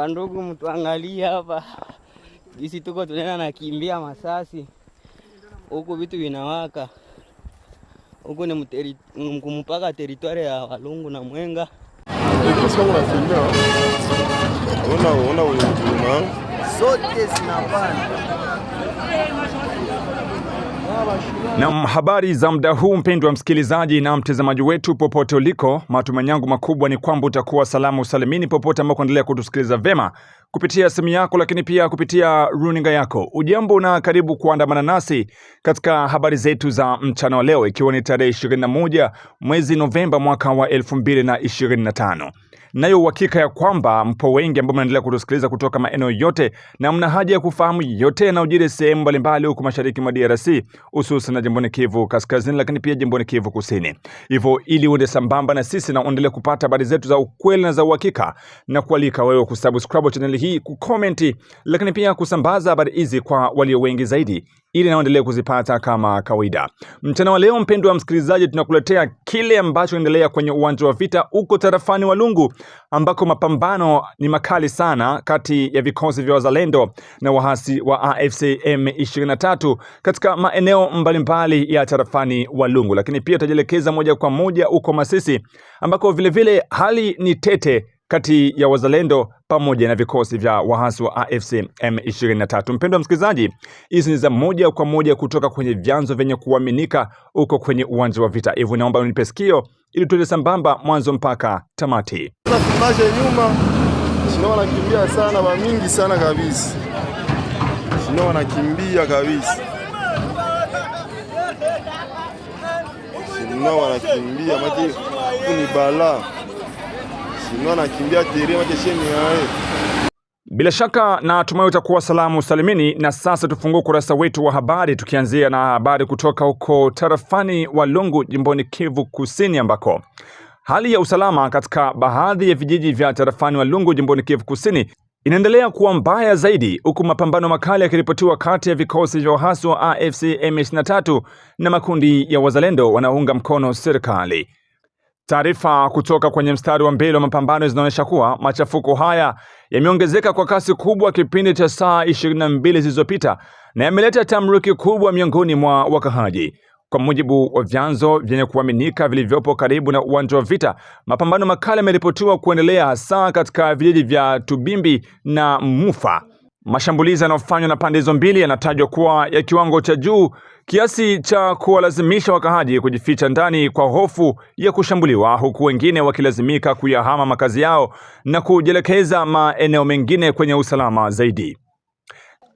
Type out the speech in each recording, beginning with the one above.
Wandugu, mtuangalie hapa isi tuko tunena nakimbia masasi huku, vitu vinawaka huku, ni kumupaka teritwari ya Walungu na Mwenga. Sote zinapanda Nam, habari za muda huu mpendwa wa msikilizaji na mtazamaji wetu popote uliko, matumaini yangu makubwa ni kwamba utakuwa salamu usalimini popote ambao kuendelea kutusikiliza vema kupitia simu yako, lakini pia kupitia runinga yako. Ujambo na karibu kuandamana nasi katika habari zetu za mchana wa leo, ikiwa ni tarehe 21 mwezi Novemba mwaka wa 2025 nayo uhakika ya kwamba mpo wengi ambao mnaendelea kutusikiliza kutoka maeneo yote na mna haja ya kufahamu yote yanayojiri sehemu mbalimbali huko mashariki mwa DRC hususan na jimboni Kivu Kaskazini, lakini pia jimboni Kivu Kusini. Hivyo ili uende sambamba na sisi na uendelee kupata habari zetu za ukweli na za uhakika, na kualika wewe kusubscribe channel hii, kukomenti, lakini pia kusambaza habari hizi kwa walio wengi zaidi ili naendelee kuzipata kama kawaida. Mchana wa leo, mpendwa wa msikilizaji, tunakuletea kile ambacho endelea kwenye uwanja wa vita huko tarafani Walungu, ambako mapambano ni makali sana kati ya vikosi vya wazalendo na waasi wa AFC M23 katika maeneo mbalimbali ya tarafani Walungu, lakini pia tutajielekeza moja kwa moja huko Masisi ambako vilevile vile hali ni tete kati ya wazalendo pamoja na vikosi vya waasi wa AFC M23. Mpendwa msikilizaji, hizi ni za moja kwa moja kutoka kwenye vyanzo vyenye kuaminika huko kwenye uwanja wa vita, hivyo naomba unipe sikio ili tuende sambamba mwanzo mpaka tamati. Tunasemaje nyuma? Shino wanakimbia sana ba mingi sana kabisa, shino wanakimbia kabisa, shino wanakimbia mati ni balaa bila shaka na tumai utakuwa salamu salimini. Na sasa tufungue ukurasa wetu wa habari, tukianzia na habari kutoka huko tarafani Walungu jimboni Kivu Kusini, ambako hali ya usalama katika baadhi ya vijiji vya tarafani Walungu jimboni Kivu Kusini inaendelea kuwa mbaya zaidi, huku mapambano makali yakiripotiwa kati ya vikosi vya uhasi wa AFC M23 na makundi ya wazalendo wanaounga mkono serikali. Taarifa kutoka kwenye mstari wa mbele wa mapambano zinaonyesha kuwa machafuko haya yameongezeka kwa kasi kubwa kipindi cha saa 22 zilizopita na yameleta tamruki kubwa miongoni mwa wakahaji. Kwa mujibu wa vyanzo vyenye kuaminika vilivyopo karibu na uwanja wa vita, mapambano makali yameripotiwa kuendelea hasa katika vijiji vya Tubimbi na Mufa. Mashambulizi yanayofanywa na pande hizo mbili yanatajwa kuwa ya kiwango cha juu kiasi cha kuwalazimisha wakahaji kujificha ndani kwa hofu ya kushambuliwa, huku wengine wakilazimika kuyahama makazi yao na kujielekeza maeneo mengine kwenye usalama zaidi.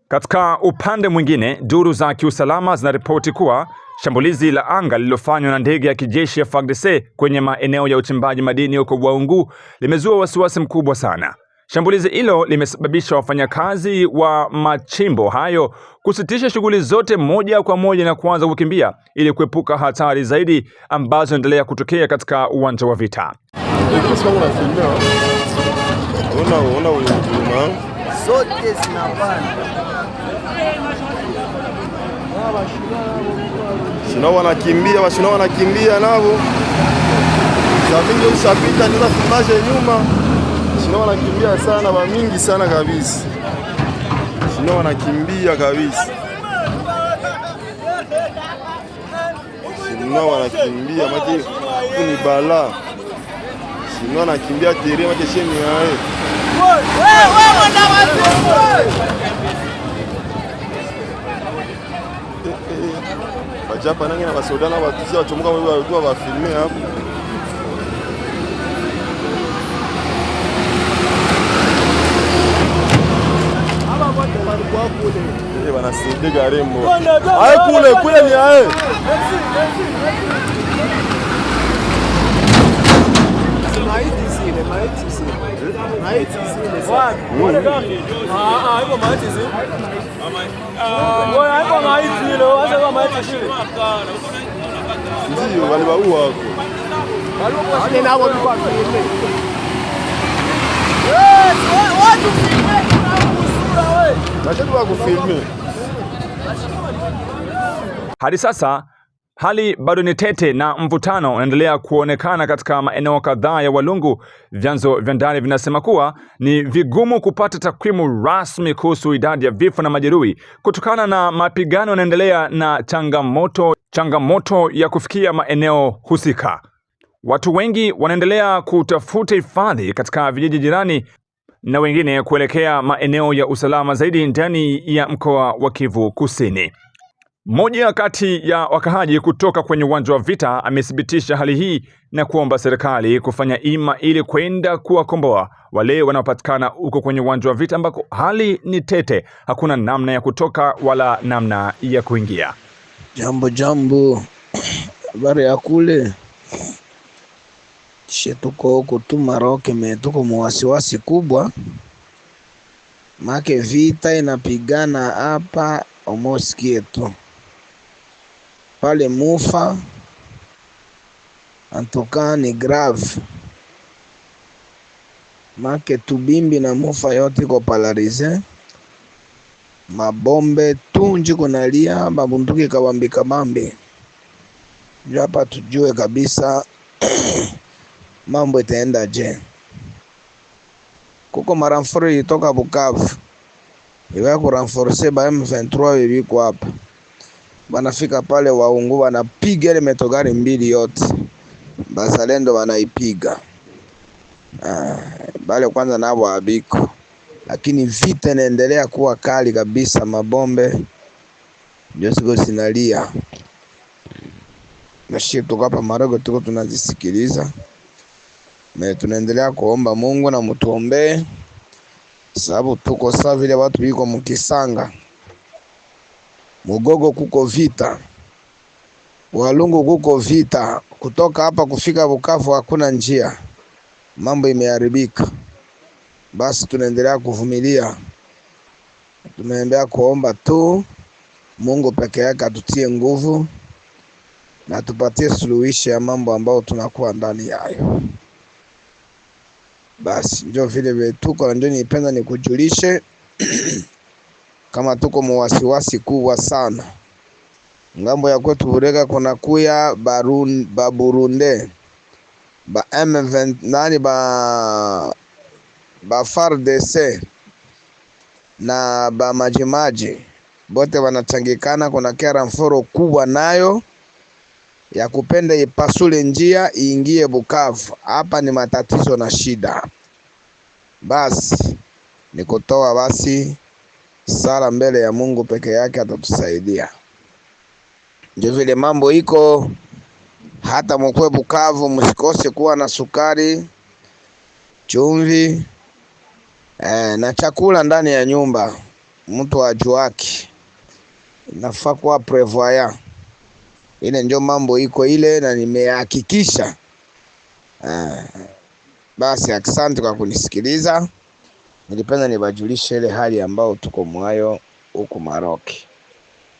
Katika upande mwingine, duru za kiusalama zinaripoti kuwa shambulizi la anga lililofanywa na ndege ya kijeshi ya FARDC kwenye maeneo ya uchimbaji madini huko Waungu limezua wasiwasi mkubwa sana. Shambulizi hilo limesababisha wafanyakazi wa machimbo hayo kusitisha shughuli zote moja kwa moja na kuanza kukimbia ili kuepuka hatari zaidi ambazo zinaendelea kutokea katika uwanja wa vita. Sina wanakimbia wasinao wanakimbia navo savingi usapita niza simaje nyuma Shino wanakimbia sana ba mingi sana kabisa. Shino wanakimbia kabisa. Shino wanakimbia maki kuni bala. Shino wanakimbia tere maki shemi yae. Bajapa nange na basoda na batusi bachomoka mwe batuwa hapo. kule kule ni ae ndio walibaua wako watu hadi sasa hali bado ni tete na mvutano unaendelea kuonekana katika maeneo kadhaa ya Walungu. Vyanzo vya ndani vinasema kuwa ni vigumu kupata takwimu rasmi kuhusu idadi ya vifo na majeruhi kutokana na mapigano yanaendelea na changamoto, changamoto ya kufikia maeneo husika. Watu wengi wanaendelea kutafuta hifadhi katika vijiji jirani na wengine kuelekea maeneo ya usalama zaidi ndani ya mkoa wa Kivu Kusini. Mmoja kati ya wakahaji kutoka kwenye uwanja wa vita amethibitisha hali hii na kuomba serikali kufanya ima ili kwenda kuwakomboa wale wanaopatikana huko kwenye uwanja wa vita ambako hali ni tete, hakuna namna ya kutoka wala namna ya kuingia. Jambo jambo, habari ya kule She tuko huku tu Maroc, me tuko muwasiwasi kubwa, make vita inapigana hapa omoski tu pale mufa antoka ni grave make tubimbi na mufa yote iko palarize mabombe tunji kunalia mabunduki kabambi kabambi, japa tujue kabisa mambo itaenda je? Kuko maranfore ilitoka Bukavu iwaya kuranforce ba M23 iliko hapa, wanafika pale waungu wanapiga ile metogari mbili yote, bazalendo wanaipiga ah, bale kwanza nabo abiko, lakini vita inaendelea kuwa kali kabisa, mabombe ndio siko sinalia nashie, tuko hapa Marogo, tuko tunazisikiliza me tunaendelea kuomba Mungu na mutuombee, sababu tuko saa vile watu biko mukisanga Mugogo kuko vita, Walungu kuko vita, kutoka hapa kufika Bukavu hakuna njia, mambo imeharibika. Basi tunaendelea kuvumilia, tunaendelea kuomba tu Mungu peke yake atutie nguvu na tupatie suluhisho ya mambo ambayo tunakuwa ndani yayo. Basi ndio vile vile tuko ndio, nipenda nikujulishe kama tuko muwasiwasi kubwa sana ngambo ya kwetu Burega, kuna kuya barun, ba Burunde ba M20 nani ba ba FARDC na ba majimaji bote wanachangikana, kuna kera mforo kubwa nayo ya kupenda ipasule njia iingie Bukavu. Hapa ni matatizo na shida, basi ni kutoa basi sala mbele ya Mungu peke yake atatusaidia. Ndio vile mambo iko, hata mkwe Bukavu msikose kuwa na sukari, chumvi eh, na chakula ndani ya nyumba. Mtu ajuaki nafaa kuwa prevoyant ile ndio mambo iko ile na nimehakikisha. Eh. Basi asante kwa kunisikiliza. Nilipenda nibajulishe ile hali ambayo tuko mwayo huko Maroki.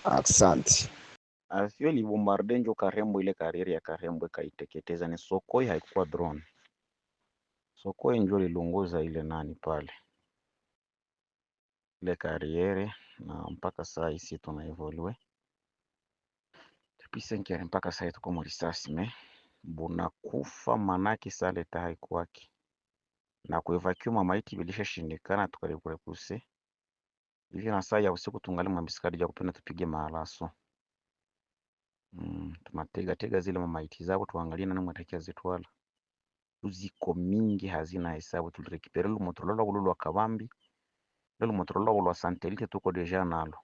Asante. Asio ah, bombarde njo Karembo, ile karieri ya Karembo kaiteketeza, ni Sokoi, haikuwa drone. Sokoi njo lilongoza ile nani pale ile kariere, na mpaka saa hii tunaevolue pisenkere mpaka sai tuko mulisasi me bunakufa manaki sale tahai kwake na kuevakiu mamaiti bilisha shindikana, tukalipule kuse hivi na saa ya usiku tungali mwabisikadi ya kupenda tupige maalaso Mm, tumatega tega zile mamaiti zabo tuangalie nani mwatakia zitwala. Uziko mingi hazina hesabu tulirekipere lumotolola ululu wa kabambi lelo motolola ulwa santelite tuko deja nalo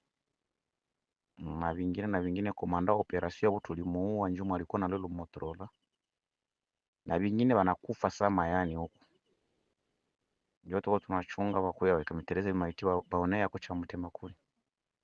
na vingine na vingine. Komanda operasio au tulimuua Njuma alikuwa na lolo Motorola na vingine wanakufa saa mayani huko, ndio tuko tunachunga mitereza imaiti wa baone ya kucha mtema kule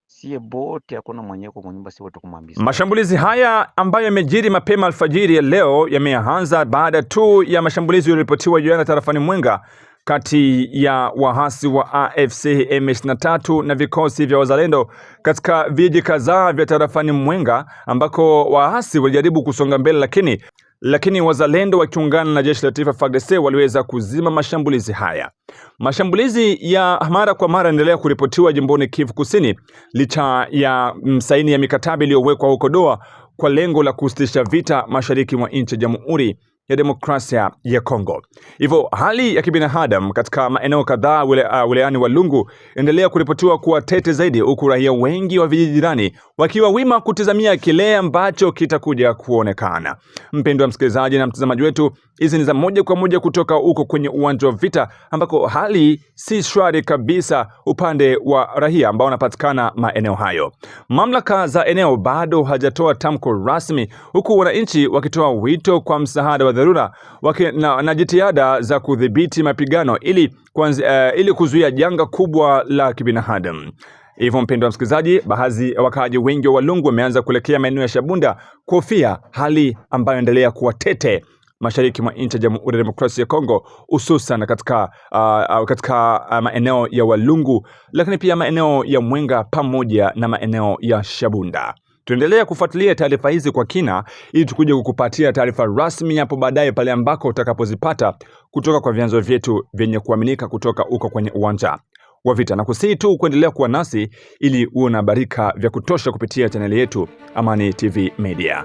Siye bote hakuna mwenye kwa nyumba si watu kumwambia. Mashambulizi haya ambayo yamejiri mapema alfajiri ya leo yameanza baada tu ya mashambulizi yaliyoripotiwa jana tarafani Mwenga kati ya waasi wa AFC M23 na vikosi vya wazalendo katika vijiji kadhaa vya tarafani Mwenga ambako waasi walijaribu kusonga mbele lakini lakini wazalendo wakiungana na jeshi la taifa FARDC waliweza kuzima mashambulizi haya. Mashambulizi ya mara kwa mara yanaendelea kuripotiwa jimboni Kivu Kusini licha ya msaini ya mikataba iliyowekwa huko Doha kwa lengo la kusitisha vita mashariki mwa nchi ya Jamhuri ya Demokrasia ya Kongo. Hivyo hali ya kibinadamu katika maeneo kadhaa ah, wilayani uh, Walungu endelea kuripotiwa kuwa tete zaidi, huku raia wengi wa vijiji jirani wakiwa wima kutizamia kile ambacho kitakuja kuonekana. Mpendo wa msikilizaji na mtazamaji wetu, hizi ni za moja kwa moja kutoka huko kwenye uwanja wa vita ambako hali si shwari kabisa upande wa raia ambao wanapatikana maeneo hayo. Mamlaka za eneo bado hajatoa tamko rasmi, huku wananchi wakitoa wito kwa msaada wa dharura na, na jitihada za kudhibiti mapigano ili, uh, ili kuzuia janga kubwa la kibinadamu. Hivyo mpendo wa msikilizaji, baadhi ya wakaaji wengi wa Walungu wameanza kuelekea maeneo ya Shabunda kuhofia hali ambayo inaendelea kuwa tete mashariki mwa nchi ya Jamhuri ya Demokrasia ya Kongo, hususan katika, uh, katika ah, maeneo ya Walungu, lakini pia maeneo ya Mwenga pamoja na maeneo ya Shabunda. Tuendelea kufuatilia taarifa hizi kwa kina ili tukuje kukupatia taarifa rasmi hapo baadaye pale ambako utakapozipata kutoka kwa vyanzo vyetu vyenye kuaminika kutoka huko kwenye uwanja wa vita, na kusihi tu kuendelea kuwa nasi ili uwe na barika vya kutosha kupitia chaneli yetu Amani TV Media.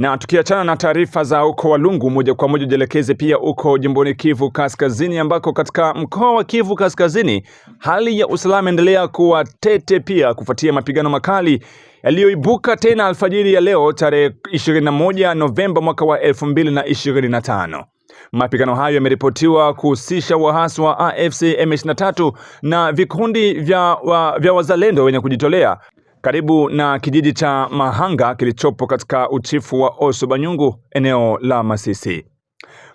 Na tukiachana na taarifa za uko Walungu, moja kwa moja ujielekeze pia uko jimboni Kivu Kaskazini, ambako katika mkoa wa Kivu Kaskazini hali ya usalama endelea kuwa tete, pia kufuatia mapigano makali yaliyoibuka tena alfajiri ya leo tarehe 21 Novemba mwaka wa 2025. Mapigano hayo yameripotiwa kuhusisha waasi wa AFC M23 na vikundi vya, wa, vya wazalendo wenye kujitolea karibu na kijiji cha Mahanga kilichopo katika uchifu wa Osobanyungu eneo la Masisi.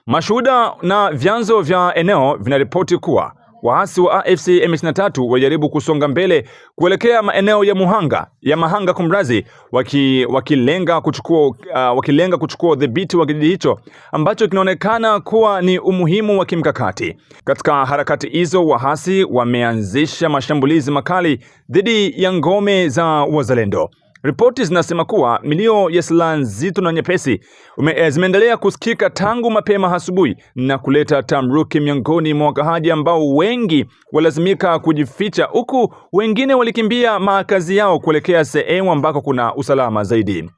Mashuhuda na vyanzo vya eneo vinaripoti kuwa Waasi wa AFC M23 wajaribu kusonga mbele kuelekea maeneo ya Muhanga ya Mahanga kumrazi, waki, wakilenga kuchukua uh, wakilenga kuchukua udhibiti wa kijiji hicho ambacho kinaonekana kuwa ni umuhimu wa kimkakati. Katika harakati hizo, wahasi wameanzisha mashambulizi makali dhidi ya ngome za wazalendo. Ripoti zinasema kuwa milio ya silaha nzito na nyepesi eh, zimeendelea kusikika tangu mapema asubuhi na kuleta tamruki miongoni mwa wakaaji ambao wengi walazimika kujificha, huku wengine walikimbia makazi yao kuelekea sehemu ambako kuna usalama zaidi.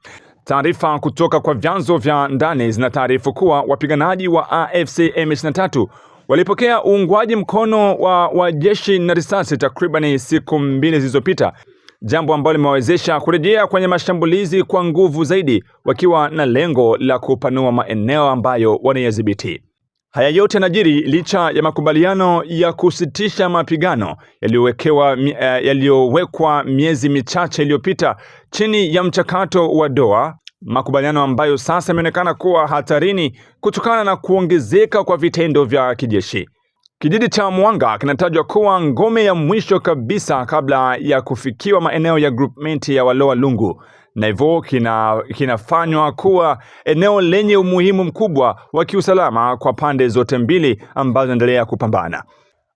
Taarifa kutoka kwa vyanzo vya ndani zinataarifu kuwa wapiganaji wa AFC M23 walipokea uungwaji mkono wa wajeshi na risasi takribani siku mbili zilizopita jambo ambalo limewawezesha kurejea kwenye mashambulizi kwa nguvu zaidi, wakiwa na lengo la kupanua maeneo ambayo wanayadhibiti. Haya yote yanajiri licha ya makubaliano ya kusitisha mapigano yaliyowekewa eh, yaliyowekwa miezi michache iliyopita chini ya mchakato wa Doha, makubaliano ambayo sasa yameonekana kuwa hatarini kutokana na kuongezeka kwa vitendo vya kijeshi. Kijiji cha Mwanga kinatajwa kuwa ngome ya mwisho kabisa kabla ya kufikiwa maeneo ya groupment ya Walow'a Lungu na hivyo kina, kinafanywa kuwa eneo lenye umuhimu mkubwa wa kiusalama kwa pande zote mbili ambazo zinaendelea kupambana.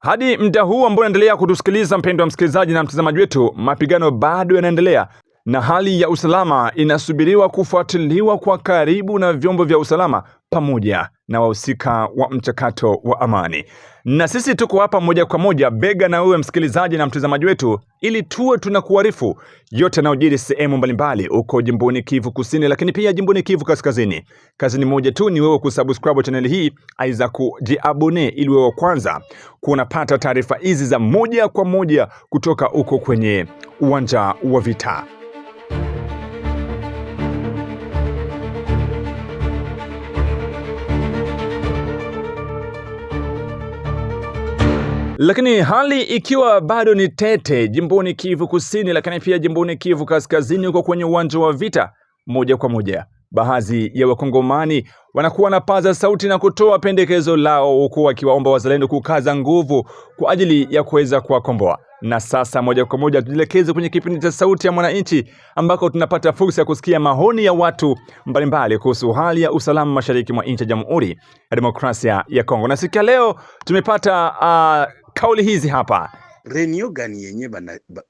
Hadi muda huu ambao unaendelea kutusikiliza, mpendwa msikilizaji na mtazamaji wetu, mapigano bado yanaendelea na hali ya usalama inasubiriwa kufuatiliwa kwa karibu na vyombo vya usalama pamoja na wahusika wa mchakato wa amani na sisi tuko hapa moja kwa moja bega na wewe msikilizaji na mtazamaji wetu, ili tuwe tunakuarifu yote yanayojiri sehemu mbalimbali huko jimboni Kivu Kusini, lakini pia jimboni Kivu Kaskazini. Kazi ni moja tu, ni wewe kusubscribe channel hii aidha kujiabone, ili wewe kwanza kunapata taarifa hizi za moja kwa moja kutoka huko kwenye uwanja wa vita. Lakini hali ikiwa bado ni tete jimboni Kivu Kusini, lakini pia jimboni Kivu Kaskazini, huko kwenye uwanja wa vita moja kwa moja, baadhi ya wakongomani wanakuwa na paza sauti na kutoa pendekezo lao, huku wakiwaomba wazalendo kukaza nguvu kwa ajili ya kuweza kuwakomboa. Na sasa moja kwa moja tujielekeze kwenye kipindi cha Sauti ya Mwananchi ambako tunapata fursa ya kusikia maoni ya watu mbalimbali kuhusu hali ya usalama mashariki mwa nchi ya Jamhuri ya Demokrasia ya Kongo, na siku ya leo tumepata uh, kauli hizi hapa. Renio gani yenye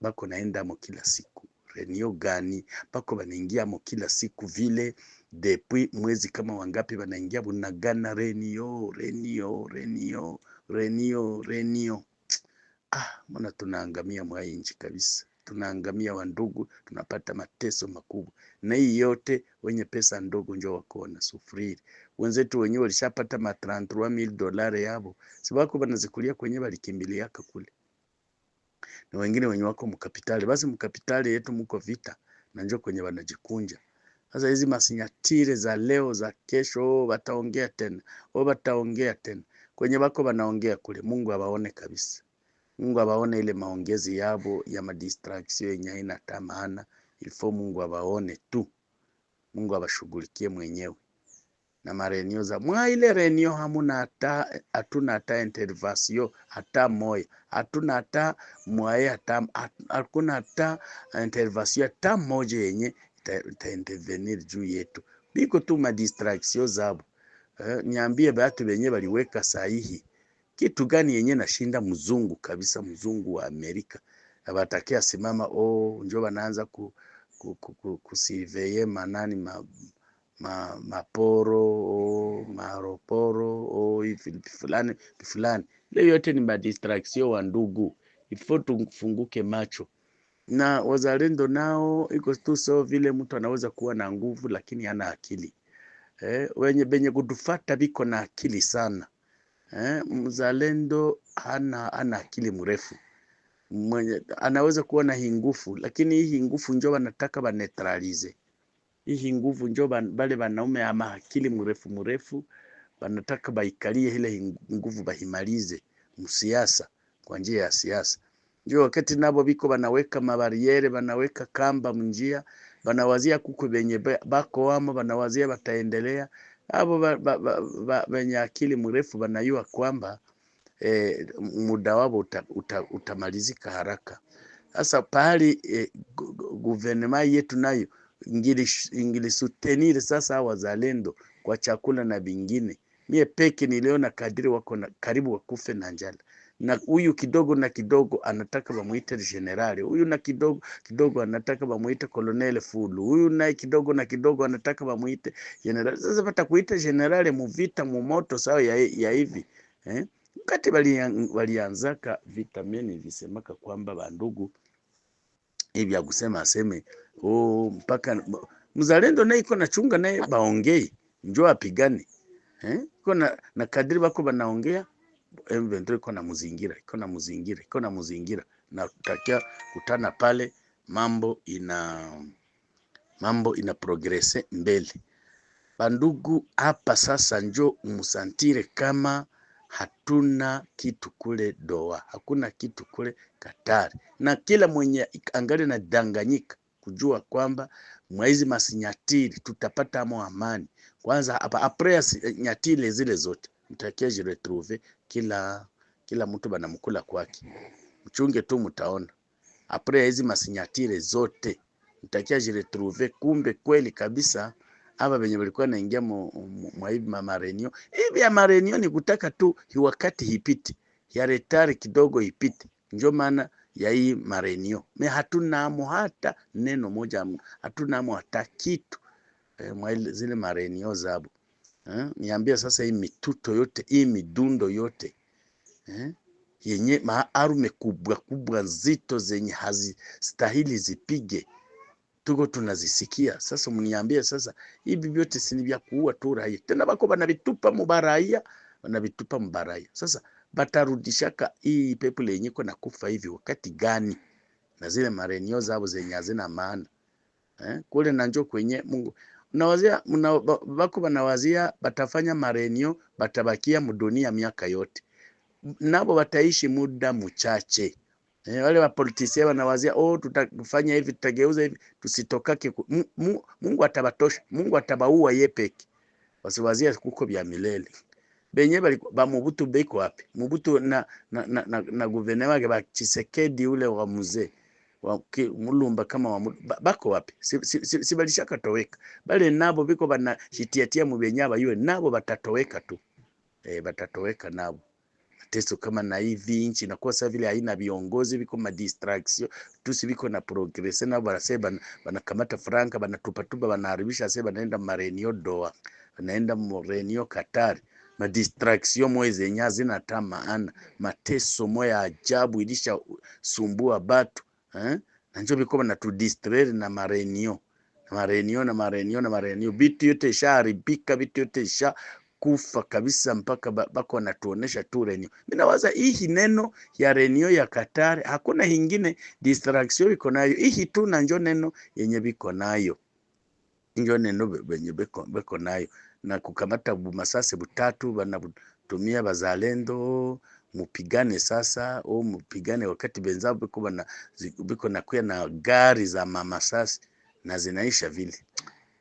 bako naenda mo kila siku? Renio gani bako mo kila siku vile depuis mwezi kama wangapi banaingia bunagana renio renio renio renio renio. Ah, mbona tunaangamia mwainji kabisa, tunaangamia wandugu, tunapata mateso makubwa, na hii yote wenye pesa ndogo njo wako wanasufuriri wenzetu wenyewe walishapata ma 33 mil dolari yabo, sibako banazikulia kwenye balikimbili yaka kule, na wengine wenye wako mkapitali. Basi mkapitali yetu mko vita na njoo kwenye wanajikunja sasa. Hizi masinyatire za leo za kesho, oh, wataongea tena wao oh, wataongea tena kwenye bako wanaongea kule. Mungu abaone kabisa, Mungu abaone ile maongezi yabo ya madistraction yenye haina tamaana ilfo. Mungu abaone tu, Mungu abashughulikie mwenyewe na marenio za mwa ile renio hamuna hata hatuna hata intervasio hata moya hatuna hata mwaye hata hakuna hata intervasio hata moja yenye itaintervenir ita juu yetu, biko tu ma madistraksio zabo. eh, niambie batu benye baliweka sahihi kitu gani yenye nashinda mzungu kabisa, mzungu wa Amerika abatakia simama, oh, njo banaanza ku, ku, ku, ku, kusurveye manani ma, ma, maporo o maroporo o fulani fulani. leo yote ni madistraksio wa ndugu, ifo tufunguke macho na wazalendo nao iko tu so vile mtu anaweza kuwa na nguvu lakini hana akili eh, wenye benye kutufata biko na akili sana eh, mzalendo hana, hana akili mrefu mwenye, anaweza kuwa na hingufu lakini hii hingufu njo wanataka banetralize hii nguvu njo bale banaume ama akili mrefu mrefu banataka baikalie ile nguvu bahimalize msiasa kwa njia ya siasa. Njo wakati nabo biko banaweka mabariere, banaweka kamba mnjia, banawazia kuko benye bako wamo banawazia bataendelea. Abo benye akili mrefu banayua kwamba e, muda wabo uta, uta, utamalizika haraka. Sasa pahali e, guvernema yetu nayo ingilisotenir sasa wazalendo kwa chakula na vingine. Mie peke niliona kadiri wako na karibu wakufe na njala, na huyu kidogo na kidogo anataka bamuite generali, huyu na kidogo kidogo anataka bamuite kolonel Fulu, huyu naye kidogo na kidogo anataka bamuite generali. Sasa pata batakuita generali muvita mumoto sawa ya, ya hivi eh? Mkati walianzaka vitamini visemaka kwamba bandugu hivi ya kusema aseme oh, mpaka mzalendo naye iko nachunga naye baongei njoo apigane eh, iko na, na kadri bako banaongea M23 iko na muzingira iko na muzingira iko na muzingira na takia kutana pale, mambo ina mambo ina progrese mbele. Bandugu hapa sasa, njo musantire kama hatuna kitu kule doa hakuna kitu kule Katari, na kila mwenye angali na danganyika kujua kwamba mwaizi masinyatili tutapata mo amani kwanza hapa apre eh, nyatile zile zote mtakia jiretrouve kila kila mtu mkula kwake, mchunge tu mtaona apre hizi masinyatire zote mtakia jiretrouve. Kumbe kweli kabisa hapa benye walikuwa naingia mwaibi mamarenio hivi ya marenio ni kutaka tu hiwakati hipiti ya retari kidogo ipite njo maana ya hii marenio me hatunamo hata neno moja, hatunamo hata kitu e, mwa zile marenio zabo eh, niambia sasa, hii mituto yote hii midundo yote eh, yenye maarume kubwa kubwa nzito zenye hazistahili zipige, tuko tunazisikia sasa. Mniambie sasa, hivi vyote si vya kuua tu raia tena, bako banavitupa mubaraia banavitupa mubaraia sasa batarudishaka hii pepo lenye iko nakufa hivi wakati gani? Na zile marenio zao zenye hazina maana eh, kule na njoo kwenye Mungu mnawazia mna, bako banawazia batafanya marenio batabakia mudunia miaka yote, nabo bataishi muda mchache Eh, wale wa politisia wanawazia oh, tutafanya hivi tutageuza hivi tusitokake. Mungu atabatosha, Mungu atabaua yepeke, wasiwazia kuko bya milele benye bali ba Mobutu beko wapi? mubutu na na na, na, na wake ba Chisekedi ule wa muzee wa mulumba kama wa ba, bako wapi? sibalisha si, si, si katoweka bale nabo biko bana shitiatia mu benye yue nabo batatoweka tu eh, batatoweka nabo teso kama na hivi nchi na kwa vile haina viongozi, viko ma distraction tu, si viko na progress na bana kamata franka, banatupa tupa, haribisha sasa naenda marenio doa, naenda morenio Katari madistraction moyo zenye zinata maana, mateso moya ajabu ilisha sumbua batu eh? nanjo biko banatudistraire na marenio na marenio na marenio na marenio, bitu yote ishaharibika, bitu yote isha kufa kabisa, mpaka bako wanatuonesha tu renio. Mimi nawaza hii neno ya renio ya Katari, hakuna hingine distraction iko nayo, hii tu na nanjo neno yenye biko nayo, njo neno benye biko nayo na kukamata bumasase butatu banabutumia bazalendo mupigane sasa o mupigane wakati benzao biko bana biko nakuya na gari za mama sasa na zinaisha vile.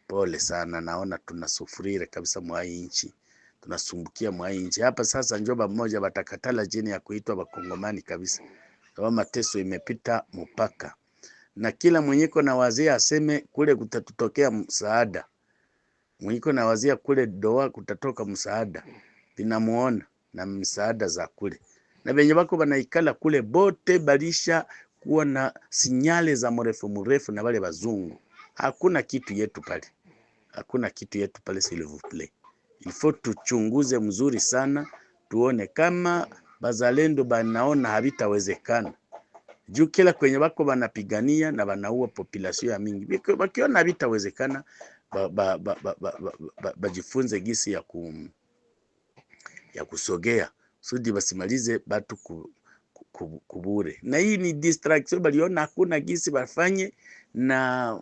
Pole sana, naona tunasufurire kabisa mwai nchi tunasumbukia mwai nchi hapa. Sasa njoba mmoja batakatala jini ya kuitwa bakongomani kabisa, kama mateso imepita mupaka na kila mwenyeko na wazee aseme kule kutatutokea msaada Mwiko nawazia kule doa kutatoka msaada, binamuona na msaada za kule na venye bako banaikala kule bote balisha kuwa na sinyale za mrefu mrefu na wale bazungu. Hakuna kitu yetu pale, hakuna kitu yetu pale, s'il vous plait. tuchunguze mzuri sana tuone kama bazalendo banaona havitawezekana juu kila kwenye bako banapigania na banaua population ya mingi, bakiona havitawezekana bajifunze ba, ba, ba, ba, ba, ba gisi ya, ku, ya kusogea sudi basimalize batu ku, ku, ku, kubure. Na hii ni distraction, baliona hakuna gisi bafanye na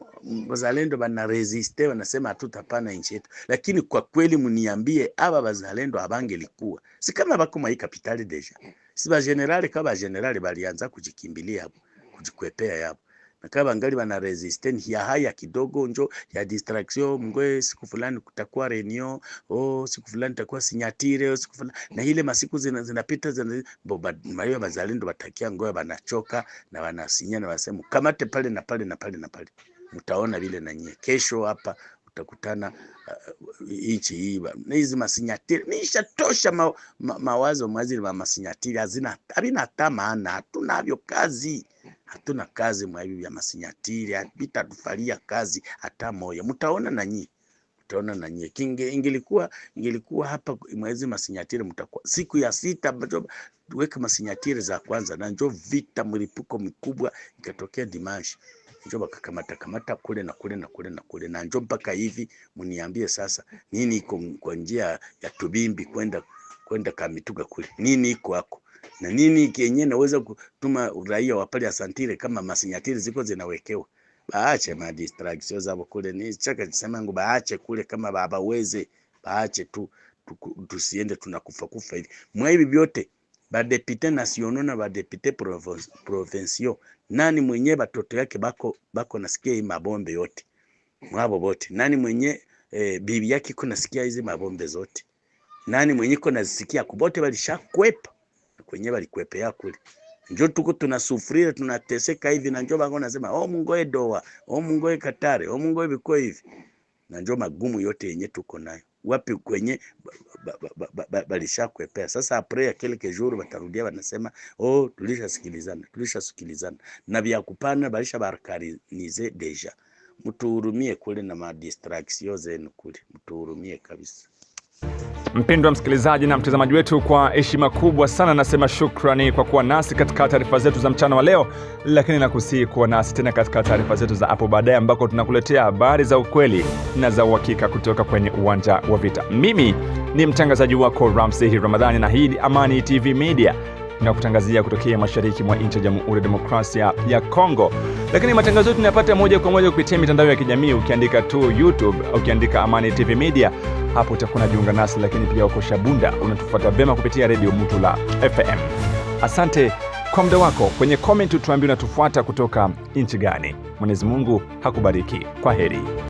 wazalendo bana resiste, wanasema hatutapana nchi yetu. Lakini kwa kweli mniambie aba wazalendo abange likuwa si kama bako mwa kapitali deja, si ba generali kama generali balianza kujikimbilia kujikwepea yapo nakaa bangali bana resisten ya haya kidogo njo ya distraction mgwe, siku fulani kutakuwa renio o oh, siku fulani takuwa sinyatire oh, siku fulani na ile masiku zinapita zina zina, mayo bazalendo batakia ngoya banachoka na wanasinya na wasema kamate pale na pale na pale na pale, mtaona vile na nyie kesho hapa utakutana uh, uh, hiba na hizi masinyatiri tosha ma, ma, mawazo mwazili wa masinyatiri hazina habina hata maana, hatunavyo kazi hatuna kazi mwa hivi vya masinyatiri vitatufalia kazi hata moya, mtaona na nanyi mtaona nanyi. Kinge ingilikuwa ingilikuwa hapa mwezi masinyatiri, mtakuwa siku ya sita weke masinyatiri za kwanza, na njo vita mlipuko mkubwa ikatokea Dimash, njo bakakamata kamata kule na kule na kule na kule na njo mpaka hivi. Mniambie sasa nini iko kwa njia ya tubimbi kwenda kwenda kamituga kule, nini iko hako na nini kienye naweza kutuma uraia wa pale asantire kama masinyatiri ziko zinawekewa. Baache ma distract sio zao kule, ni chaka sema ngo baache kule, kama baba weze baache tu, tusiende tu, tu, tunakufa kufa hivi mwa hivi vyote ba député nationaux na ba député provinciaux, nani mwenye batoto yake bako bako nasikia hii mabombe yote mwabo bote? Nani mwenye e, bibi yake iko nasikia hizi mabombe zote? Nani mwenye iko nasikia kubote balisha kwepa kwenye balikuepea kule njo tuko tunasufuria tunateseka hivi, na njo bango nasema o oh, mungoe doa o oh, mungoe Katare o oh, mungoe biko hivi, na njo magumu yote yenye tuko nayo wapi kwenye balisha kuepea sasa. ya kile kejuru batarudia banasema oh, tulishasikilizana tulishasikilizana na vya kupana balisha barkanize deja. Mtuhurumie kule na madistraction zenu kule, mtuhurumie kabisa. Mpendwa msikilizaji na mtazamaji wetu, kwa heshima kubwa sana nasema shukrani kwa kuwa nasi katika taarifa zetu za mchana wa leo, lakini nakusihi kuwa nasi tena katika taarifa zetu za hapo baadaye, ambako tunakuletea habari za ukweli na za uhakika kutoka kwenye uwanja wa vita. Mimi ni mtangazaji wako Ramsihi Ramadhani na hii Amani TV Media inakutangazia kutokea mashariki mwa nchi ya Jamhuri ya Demokrasia ya Kongo. Lakini matangazo yetu tunayapata moja kwa moja kupitia mitandao ya kijamii, ukiandika tu YouTube, ukiandika Amani TV Media, hapo utakuwa unajiunga nasi. Lakini pia uko Shabunda, unatufuata vema kupitia redio Mutula FM. Asante kwa muda wako. Kwenye komenti tuambie unatufuata kutoka nchi gani. Mwenyezi Mungu hakubariki. Kwa heri.